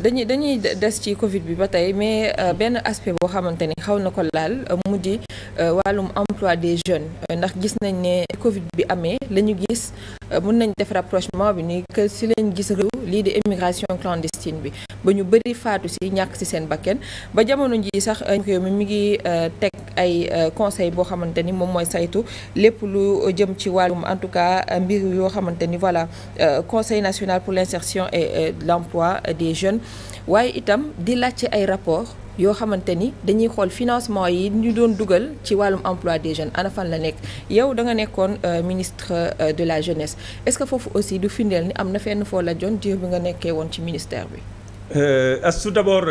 dañuy dañuy des ci Covid bi ba tey mais euh, benn aspect boo xamante ni xaw na ko laal euh, mu di euh, wàllum emploi des jeunes ndax gis nañ ne Covid bi amee la ñu gis mën nañ def rapprochement bi ni que si lañ gis réew lii di immigration clandestine bi ba ñu bëri faatu si ñàkk si seen bakken ba jamono ji sax réew mi mi ngi teg ay euh, conseil boo xamante ni moom mooy saytu lépp lu jëm ci wàllum en tout cas euh, mbir yoo xamante ni voilà euh, conseil national pour l'insertion et l'emploi des jeunes waaye itam di laajte ay rapport yoo xamante ni dañuy xool financement yi ñu doon dugal ci wàllum emploi des jeunes ana fan la nekk yow da nga nekkoon ministre de la jeunesse est-ce que foofu aussi du findeel ni am na fenn foo la jon diir bi nga nekkee woon ci ministère bi as tout d'abord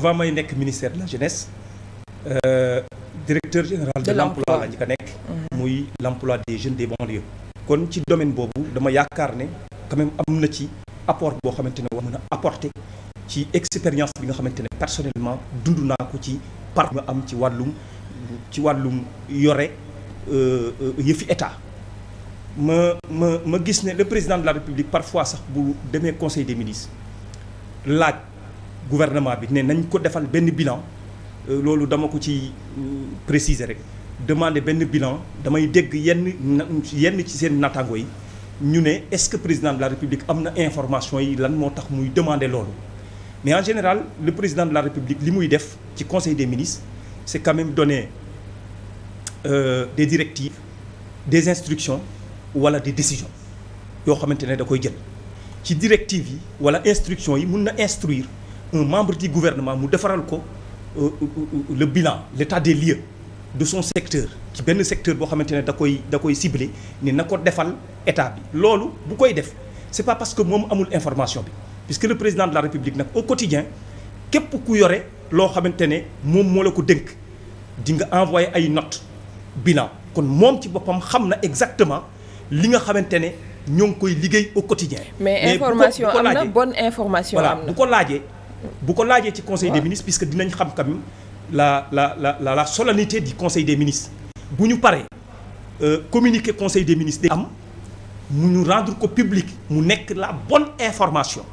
avant may nekk ministère de la directeur général de l'emploi la ñu nekk mhm. muy l'emploi des jeunes des banlieues kon ci domaine boobu dama yaakaar ne quand même am na ci apport boo xamante ne war mën a apporter ci expérience bi nga xamante ne personnellement dund naa ko ci par nga am ci wàllum ci wàllum yore euh, yëfi état ma ma ma gis ne le président de la république parfois sax bu demee conseil des ministres laaj gouvernement bi ne nañ ko defal benn bilan Euh, loolu dama ko ci mm, préciser rek demander benn bilan damay dégg yenn yenn ci seen nattaango yi ñu ne est-ce que président de la république am na information yi lan moo tax muy demander loolu mais en général le président de la république li muy def ci conseil des ministres c'est quand même donner euh, des directives des instructions wala des décisions yoo xamante ne da koy jël ci directive yi wala instructions yi mun na instruire un membre du gouvernement mu defaral ko Euh, le bilan l'état des lieux de son secteur ci benn secteur boo xamante ne da koy da koy ciblé ni na ko defal état bi loolu bu koy def c'est pas parce que moom amul information bi puisque le président de la république nag au quotidien képp ku yore loo xamante ne moom moo la ko dénk di nga envoyé ay not bilan kon moom ci boppam xam na exactement li nga xamante ne ñoo ngi koy liggéey au quotidien mais information am na bonne information am na bu ko laajee bu ko laajee ci conseil des ministres puisque dinañ xam quand même la la la la la solennité du conseil des ministres. bu ñu paree euh, communiqué conseil des ministres day am mu ñu rendre ko publique mu nekk la bonne information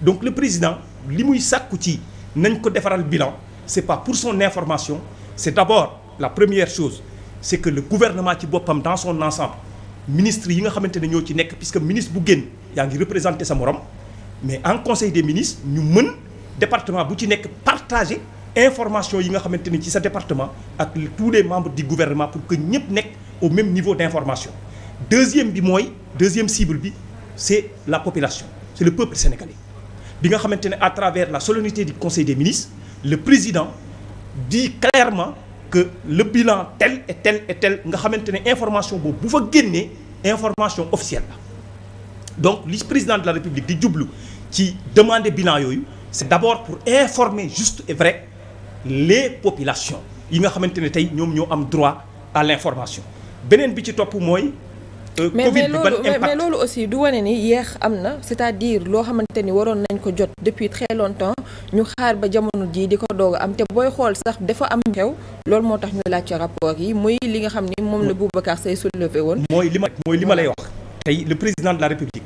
donc le président li muy sàkku ci nañ ko defaral bilan c'est pas pour son information c'est d'abord la première chose c'est que le gouvernement ci boppam dans son ensemble ministre yi nga xamante ne ñoo ci nekk puisque ministre bu génn yaa ngi représenter sa morom en conseil des ministres ñu mën. département bu ci nekk partager information yi nga xamante ni ci sa département ak tous les membres du gouvernement pour que ñëpp nekk au même niveau d'information deuxième bi mooy deuxième cible bi c'est la population c'est le peuple sénégalais bi nga xamante ne à travers la solennité du conseil de ministres le président di clairement que le bilan tel et tel et tel nga xamante ne information boobu bu fa génnee information officielle la donc li président de la di jublu ci demander bilan yooyu c'est d'abord pour informer juste et vrai les populations yi nga xamante ni tey ñoom ñoo am droit à l'information beneen bi ci topp mooy. Euh, mais mais loolu mais aussi du wane ni yeex am na c'est-à-dire loo xamante ni waroon nañ ko jot depuis très longtemps ñu xaar ba jamono jii di ko doog a am te booy xool sax dafa am xew loolu moo tax ñu laaj ci rapport yi muy li nga xam ni moom la Boubacar Seye soulevé woon. mooy li ma mooy li ma lay wax. tey le président de la République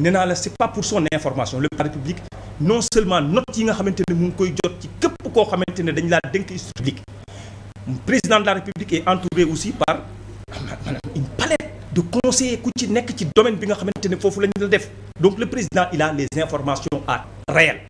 naa la c'est pas information le président de non seulement not yi nga xamante ne mu ngi koy jot ci képp koo xamante ne dañ laa dénk institut public président de la république est entouré aussi par maanaam une palette de conseillers ku ci nekk ci domaine bi nga xamante ne foofu la ñu la def donc le président il a les informations à réelles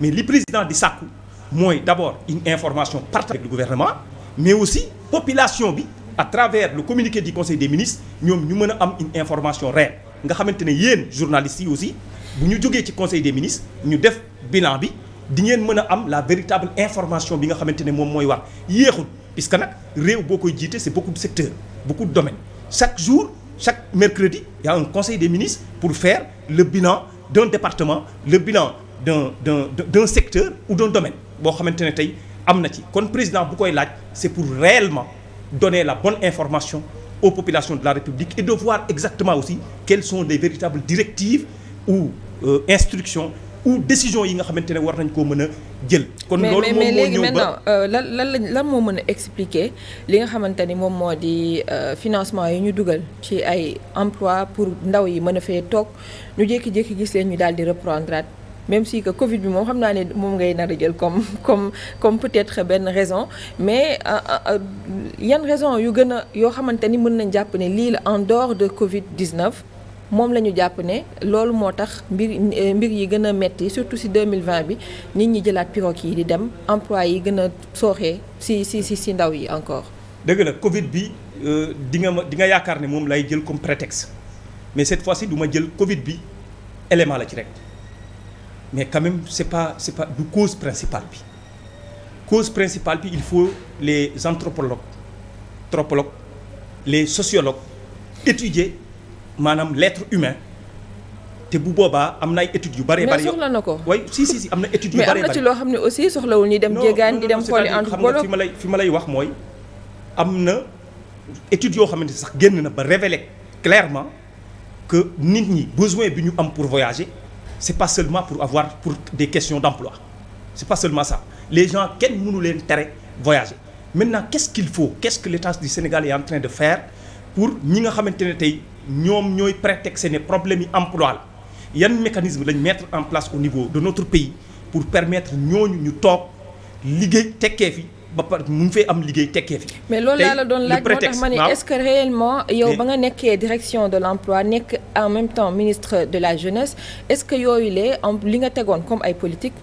mais li président di sàkku mooy d'abord une information partagée avec le gouvernement mais aussi population bi à travers lu communiqué du conseil des ministre ñoom ñu mën a am une information réelle nga xamante ne yéen journalistes yi aussi bu ñu jógee ci conseil des ministres ñu def bilan bi di ngeen mën a am la véritable information bi nga xamante ne moom mooy war yéexul puisque nag réew boo koy jiite c'est beaucoup de secteurs beaucoup de domaines chaque jour chaque mercredi il y un conseil des ministres pour faire le bilan d'un département le bilan d'un d'un d'un secteur ou d'un domaine boo xamante ne tey am na ci kon président bu koy laaj c'est pour réellement donner la bonne information aux populations de la République et exactement aussi quelles sont les véritables directives ou Euh, instruction ou décision yi nga xamante ne war nañ koo mën a jël. kon mais mais léegi maintenant euh, lan lan lañ lan moo mën a expliquer li nga xamante ni moom moo di euh, financement yi ñu dugal ci ay emploi pour ndaw yi mën a fee toog ñu jékki-jékki gis leen ñu daal di reprendre même si que Covid bi moom xam naa ne moom ngay nar a jël comme comme comme peut-être benn raison mais yan raison yu gën a yoo xamante ni mën nañ jàpp ne lii la en dehors de Covid 19. moom la ñu jàpp ne loolu moo tax mbir euh, mbir yi gën a metti surtout si 2020 bi nit ñi jëlaat pirogue yi di dem emploi yi gën a sooxee si si si si ndaw yi encore. dëgg la Covid bi euh, di nga ma di nga yaakaar ne moom lay jël comme prétexte mais cette fois-ci duma jël Covid bi élément la ci rek mais quand même c'est pas c'est pas du cause principale bi cause principale bi il faut les anthropologues anthropologues les sociologues étudier. maanaam l'être humain te bu boobaa am na ay études yu bare bare mais soxla na ko way si si si am na études yu bare bare mais am na ci loo xam ne aussi soxlawul ñuy dem jégaan di dem xooli anthropologue fi ma lay fi ma lay wax mooy am na études yoo xamante sax génn na ba révéler clairement que nit ñi besoin bi ñu am pour voyager c'est pas seulement pour avoir pour des questions d'emploi c'est pas seulement ça les gens kenn mënu leen tere voyager maintenant qu'est-ce qu'il faut qu'est-ce que l'État du Sénégal est en train de faire pour ñi nga xamante ne tey ñoom ñooy prétexte ne problème yi emploi la yan mécanisme lañ mettre en place au niveau de notre pays pour permettre ñooñu ñu toog liggéey tekkee fi ba pare mu ngi fay am liggéey tekkee fi. mais loolu laa la doon laaj moo tax ma ne est-ce que réellement ba nga nekkee direction de l'emploi nekk en même temps ministre la jeunesse est-ce que yooyu lee am li nga tegoon comme ay politique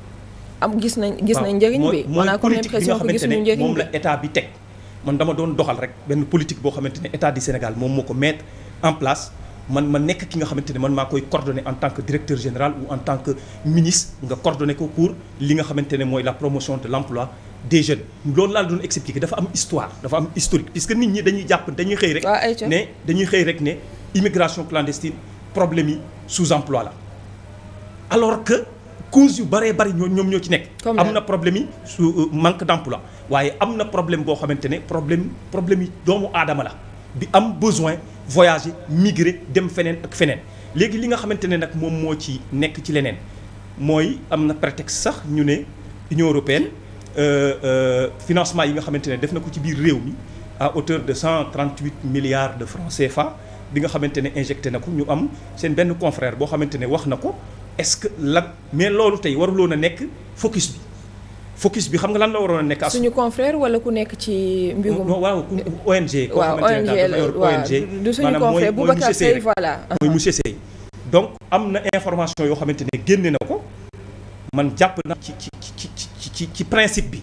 am gis nañ gis nañ njëriñ bi on a comme l'impression que gisuñu njëriñ bi moom la état bi teg man dama doon doxal rek benn politique boo xamante ne état di Sénégal moom moo ko mettre en place man ma nekk ki nga xamante ne man maa koy coordonné en tant que directeur général ou en tant que ministre nga coordonné ko pour li nga xamante ne mooy la promotion de l'emploi des jeunes loolu laa doon expliquer dafa am histoire dafa am historique puisque nit ñi dañuy jàpp dañuy xëy rek ne dañuy xëy rek ne immigration clandestine problème yi sous-emploi la alors que cause yu bëree bëri ñoo ñoom ñoo ci nekk am na problème yi su euh, manque d'emploi waaye am na problème boo xamante ne problème problème yi doomu aadama la bi am besoin voyage migrer dem feneen ak feneen léegi li nga xamante ne nag moom moo ci nekk ci leneen mooy am na prétexte sax ñu ne Union européenne euh, euh, financement yi nga xamante ne def na ko ci biir réew mi à hauteur de cent 138 milliards de francs fa bi nga xamante ne injecté na ko ñu am seen benn confrère boo xamante ne wax na ko est-ce que la mais loolu tey waruloon a nekk focus bi focus bi xam nga lan la waroon a nekk. suñu confrère wala ku nekk ci. mbirum waaw ONG. koo xamante ne daal dafa yor ONG du suñu confrère Boubacar Seye voilà mooy monsieur Seye donc am na information yoo xamante ne génne na ko man jàpp na ci ci ci ci ci ci principe bi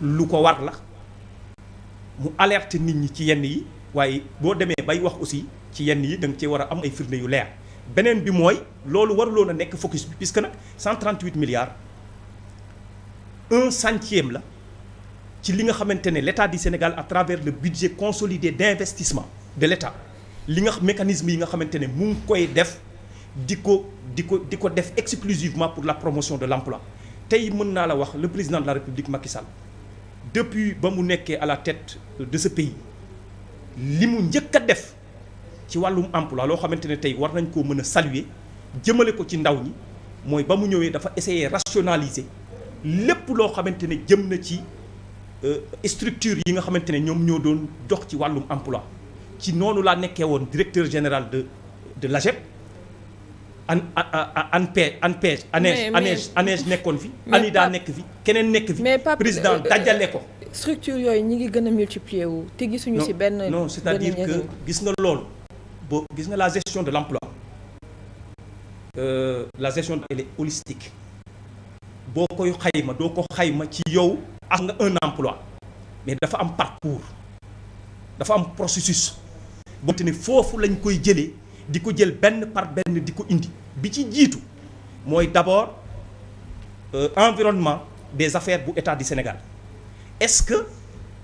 lu ko war la mu alerte nit ñi ci yenn yi waaye boo demee bay wax aussi ci yenn yi da nga cee war a am ay firnde yu leer beneen bi mooy loolu waruloon a nekk focus bi puisque nag 138 milliards. un centième la ci li nga xamante ne l'État du Sénégal à travers le budget consolidé d'investissement de l'État li nga mécanisme yi nga xamante ne mu ngi koy def di ko di ko di ko def exclusivement pour la promotion de l'emploi tey mën naa la wax le président de la République Macky Sall depuis ba mu nekkee à la tête de ce pays li mu njëkk a def ci wàllum emploi loo xamante ne tey war nañ koo mën a saluer jëmale ko ci ndaw ñi mooy ba mu ñëwee dafa essayer rationaliser lépp loo xamante ne jëm na ci euh, structure yi nga xamante ne ñoom ñoo doon dox ci wàllum emploi ci noonu laa nekkee woon directeur général de de l'AGEP an ANPE ANPEJ ANEJ ANEJ ANEJ nekkoon fi ANIDA nekk fi keneen nekk fi président euh, dajale ko euh, structure yooyu ñi ngi gën a multiplier wu te gisuñu ci benn non c'est-à-dire que gis nga lool boo gis nga la gestion de l'emploi la gestion elle est holistique boo koy xayma doo ko xayma ci yow am nga un emploi mais dafa am parcours dafa am processus boo te ni foofu lañ koy jële di ko jël benn par benn di ko indi bi ci jiitu mooy d'abord euh, environnement des affaires bu État du Sénégal est-ce que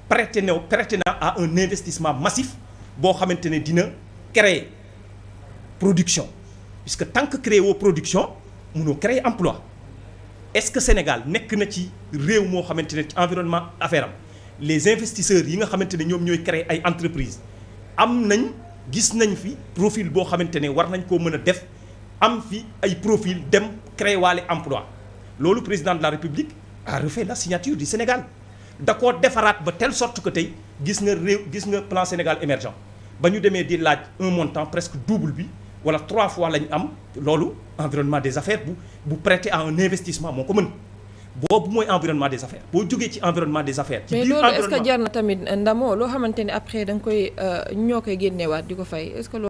prêté na prêté na à un investissement massif boo xamante ne dina créer production puisque tant que créé woo production mënoo créer emploi est-ce que Sénégal nekk na ci réew moo xamante ne ci environnement affaire les investisseurs yi nga xamante ne ñoom ñooy créer ay entreprise am nañ gis nañ fi profil boo xamante ne war nañ koo mën a def am fi ay profil dem créer waale emploi loolu président de la République a refait la signature du Sénégal da koo defaraat ba telle sort que tey gis nga réew gis nga plan Sénégal émergent ba ñu demee di laaj un montant presque double bi wala trois fois lañ am loolu environnement des affaires bu bu prêter à un investissement moo ko mën boobu mooy environnement des affaires boo jógee ci environnement des affaires. ci loolu est-ce na tamit euh, ndamoo loo xamante ne après da nga koy euh, ñoo koy génneewaat di ko fay est-ce